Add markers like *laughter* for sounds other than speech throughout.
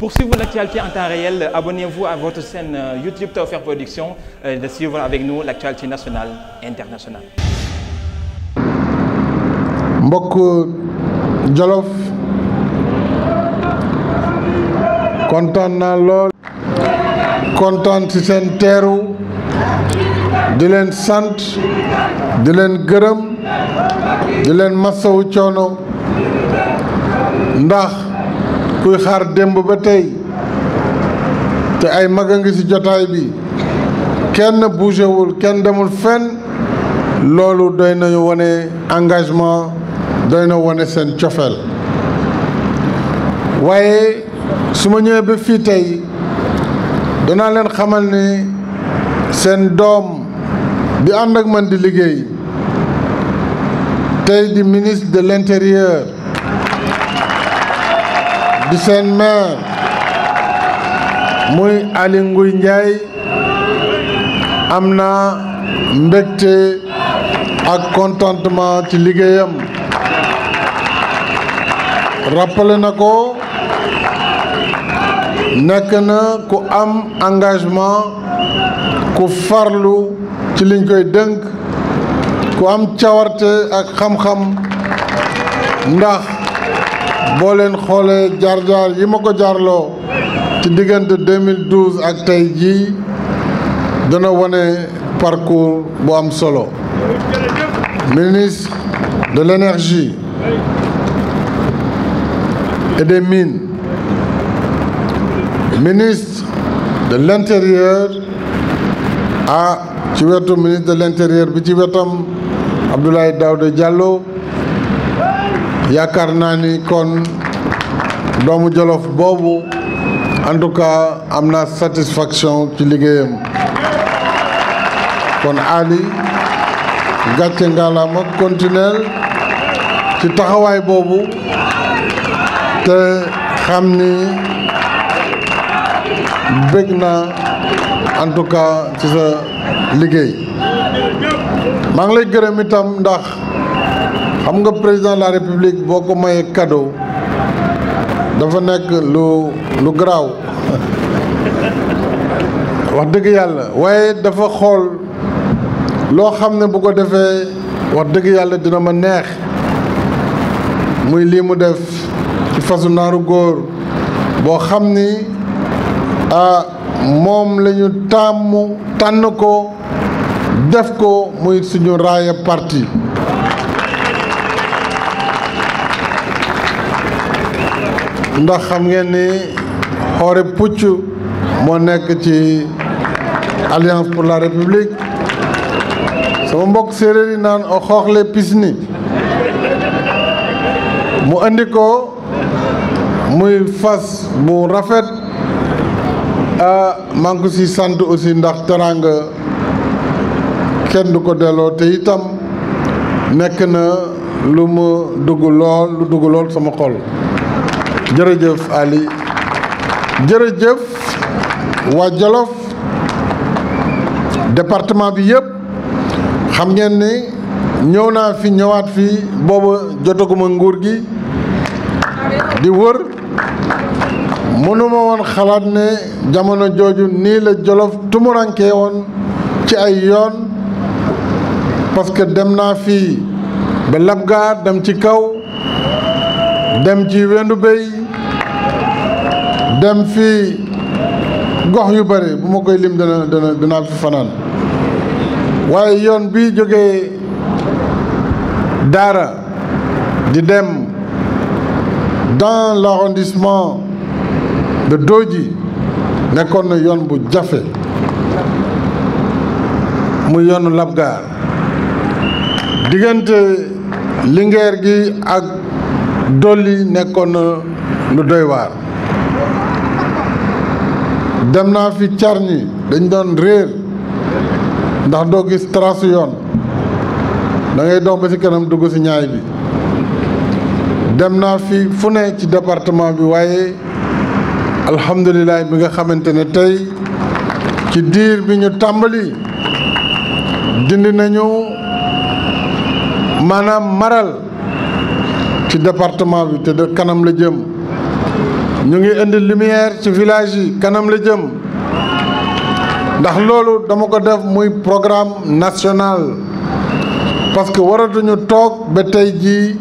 Pour suivre l'actualité en temps réel, abonnez-vous à votre chaîne euh, YouTube Tawfekh Production et euh, de suivre avec nous l'actualité nationale et internationale. mbokk Jolof kontaan naa lool kontaan ci seen teeru di leen sant di leen gërëm di leen masawu coono ndax kuy xaar démb ba tey te ay mag a ngi ci jotaay bi kenn bougéwul kenn demul fenn loolu doy na wone engagement doy na wone seen cofeel waaye su ma ñëwee ba fii tey danaa leen xamal ne seen doom bi ànd ak man di liggéey tey di ministre de l'intérieur di seen maire muy Aly Ngouille Ndiaye am na mbégte ak contentement ci liggéeyam rappelé na ko nakk na ku am engagement ku farlu ci liñ koy dënk ku am cawarte ak xam-xam ndax boo leen xoolee jaar-jaar yi ma ko jaarloo ci diggante 2012 ak tey jii dana wane parcours bu am solo ministre de l'énergie et des mines ministre de l'intérieur ah ci wetu ministre de l'intérieur bi ci wetam Abdoulaye Daouda Diallo yaakaar naa ni kon doomu Jolof boobu en tout cas am na satisfaction ci liggéeyam kon Ali gàcce ngalaama continuel ci taxawaay boobu te xam ni bëgg na en tout cas ci sa liggéey maa ngi lay gërëm itam ndax xam nga président de la république boo ko mayee cadeau dafa nekk lu lu garaaw *laughs* wax dëgg yàlla waaye dafa xool loo xam ne bu ko defee wax dëgg yàlla dina ma neex muy lii mu def ci fasu naaru góor boo xam ni ah moom lañu ñu tàmm tànn ko def ko muy suñu raaya parti ndax xam ngeen ni xoore pucc moo nekk ci alliance pour la république sama mbokk séeréer yi naan o xooxle pis mu andi ko muy fas bu rafet ah, a ngi ko si sant aussi ndax teraanga kenn du ko delloo te itam nekk na lu mu dugg lool lu dugg lool sama xol jërëjëf Ali jërëjëf waa Jolof département bi yëpp xam ngeen ne ñëw naa fi ñëwaat fi booba jotaguma nguur gi di wër mënuma woon xalaat ne jamono jooju nii la Jolof tumurankee woon ci ay yoon parce que dem naa fii ba Labgar dem ci kaw dem ci wendu béy dem fi gox yu bëri bu ma koy lim dana dana dinaa fi fanaan waaye yoon bi jógee daara di dem dans l'arrondissement de Dodji nekkoon na yoon bu jafe mu yoonu Labgar diggante Linguère gi ak Doli nekkoon na lu doy waar dem naa fi car carñi dañ doon réer ndax doo gis trace yoon da ngay dox ba ci kanam dugg ci ñaay bi dem naa fi fu ne ci département bi waaye alhamdulilah bi nga xamante ne tey ci diir bi ñu tàmbali dindi nañu maanaam maral ci département bi te de kanam la jëm ñu ngi indi lumière ci village yi kanam la jëm ndax loolu dama ko def muy programme national parce que waratuñu toog ba tey jii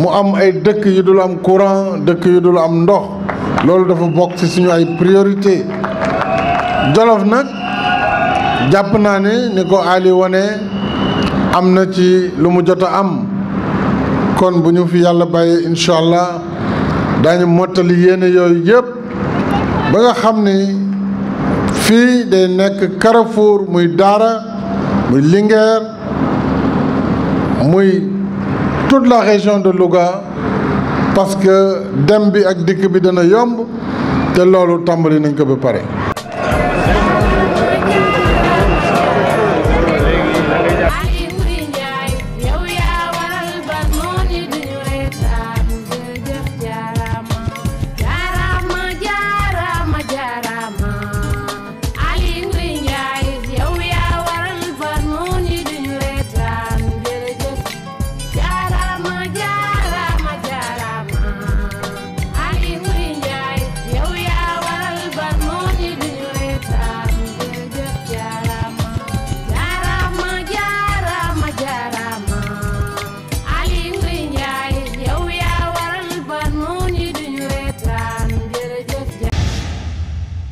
mu am ay dëkk du la am courant dëkk yi du la am ndox loolu dafa bokk ci suñu ay priorité Jolof nag jàpp naa ne ni ko Ali wane am na ci lu mu jot a am kon bu ñu fi yàlla bàyyee incha allah daañu mottali yéene yooyu yëpp ba nga xam ni fii day nekk Carrefour muy Daara muy Linguère muy toute la région de Louga parce que dem bi ak dikk bi dana yomb te loolu tàmbali nañ ko ba pare.